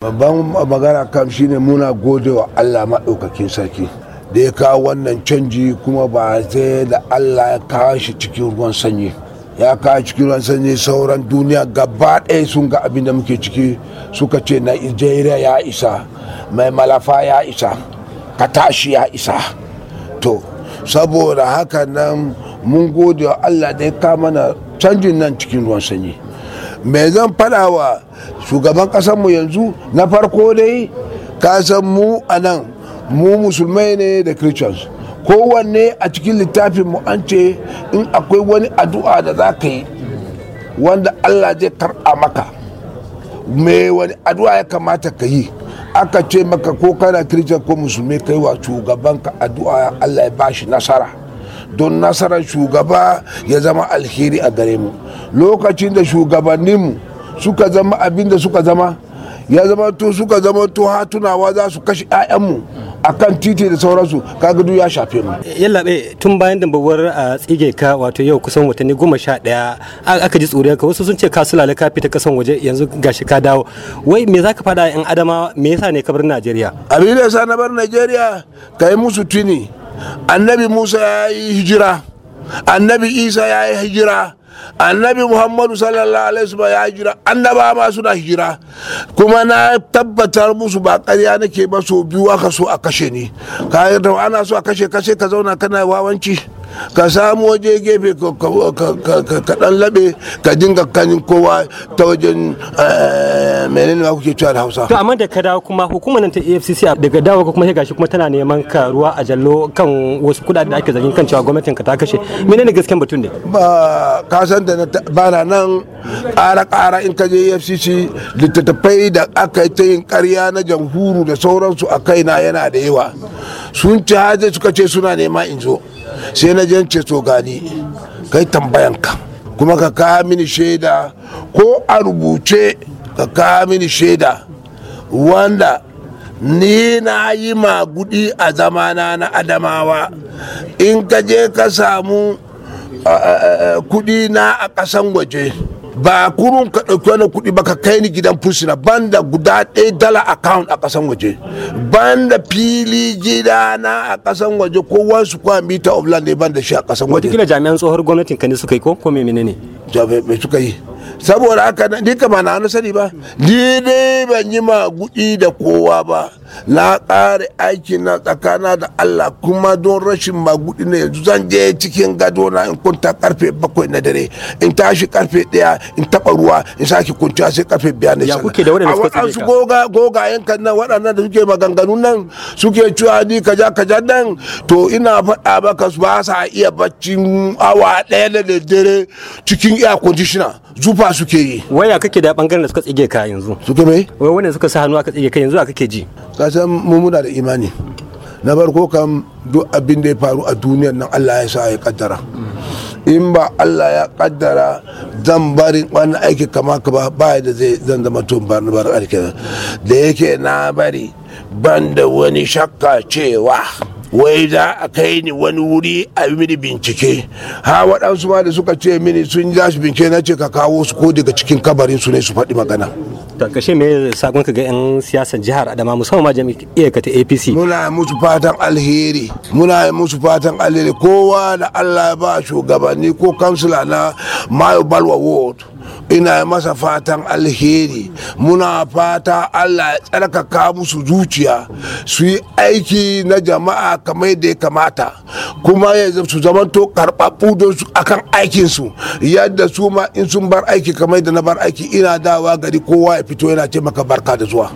babban magana kam shine muna gode wa allah maɗaukakin sarki da ya kawo wannan canji kuma ba zai da allah ya kawo shi cikin ruwan sanyi ya kawo cikin ruwan sanyi sauran duniya gaba ɗaya sun ga abin da muke ciki suka ce nigeria ya isa mai malafa ya isa katashi ya isa to saboda haka nan mun gode wa allah da ya kawo mana canjin nan cikin ruwan sanyi me zan faɗa wa shugaban kasanmu yanzu na farko dai ka san mu a nan mu musulmai ne da christians kowanne a cikin littafin mu an ce in akwai wani addu'a da za ka yi wanda allah zai karɓa maka mai wani addu'a ya kamata ka yi aka ce maka ko kana christian ko musulmai kai wa ka addu'a allah ya bashi nasara don nasarar shugaba ya zama alheri a gare mu lokacin da shugabanninmu suka zama abin da suka zama ya zama to suka zama to hatunawa za su kashe 'ya'yanmu a kan titi da sauransu kaga duk ya shafe mu. yalla be tun bayan babuwar a tsige ka wato yau kusan watanni goma sha daya aka ji tsoriyar ka wasu sun ce ka sulale ka fita kasan waje yanzu gashi ka dawo wai me zaka ka faɗa yan adama me yasa ne ka bar najeriya abin da yasa na bar najeriya ka yi musu tuni annabi musa ya yi hijira annabi isa ya yi hijira annabi muhammadu sallallahu alaihi wasallam ya hijira annaba ma suna hijira kuma na tabbatar musu ba ƙarya nake ba so biyu aka so a kashe ni ka yarda ana so a kashe kashe ka zauna kana wawanci ka samu waje gefe ka dan labe ka dinga kanin kowa ta wajen eh, menene ma kuke cewa da Hausa to amma da ka dawo kuma hukumar nan ta AFCC daga dawo kuma sai gashi kuma tana neman ka ruwa a jallo kan wasu kudaden da ake zargin kan cewa gwamnatin ka ta kashe menene gasken batun ne ba ka san da ba na nan ƙara ƙara in ka je AFCC littattafai da aka ta yin ƙarya na jamhuru da sauransu a na yana da yawa sun ci haje suka ce suna nema in zo sai na jan ce gani kai tambayanka kuma ka kawo mini shaida ko a rubuce ka kawo mini shaida wanda ni na yi magudi a zamana na adamawa in ka je ka samu kudi na a ƙasan waje ba kurun ka ɗauki wani kuɗi ba ka kai ni gidan fursuna banda guda ɗaya dala account a ƙasan waje banda fili gida na a ƙasan waje ko wasu kwa mita of land ne banda shi a ƙasan waje. Wata jami'an tsohon gwamnatin ka ne suka yi ko ko menene? Jami'ai suka yi. saboda haka duka ba na sani ba ni ban yi magudi da kowa ba na ƙare aiki na tsakana da Allah kuma don rashin magudi ne yanzu zan je cikin gado na in kunta karfe bakwai na dare in tashi karfe daya in taɓa ruwa in sake kunciya sai karfe biyar na sana a waɗansu gogayen kan nan waɗannan da suke maganganu nan suke cewa ni kaja kaja nan to ina faɗa baka su ba sa iya baccin awa ɗaya na dare cikin air conditioner zufa suke yi waya kake da bangaren da suka tsige ka yanzu suke mai wai wanda suka sa hannu aka tsige ka yanzu a kake ji kasan mu muna da imani na farko kam duk abin da ya faru a duniyar nan Allah ya sa ya kaddara in ba Allah ya kaddara zan barin wani aiki kama ka ba ba da zai zan zama tun bar bar da yake na bari ban da wani shakka cewa wai za a kai ni wani wuri a yi mini bincike ha waɗansu ma da suka ce mini sun za su bincike na ce ka kawo su ko daga cikin kabarin su ne su faɗi magana to kashe me sakon ka ga yan siyasar jihar adama musamman ma iya ka ta apc muna musu fatan alheri muna musu fatan alheri kowa da allah ya ba shugabanni ko kansila na mayo balwa ward ina masa fatan alheri muna fata allah ya tsarkaka musu zuciya su yi aiki na jama'a kamar da ya kamata kuma ya su zamanto karɓaɓɓu don su akan aikinsu yadda su ma in sun bar aiki kamar da na bar aiki ina dawa gari kowa ya fito yana taimaka barka da zuwa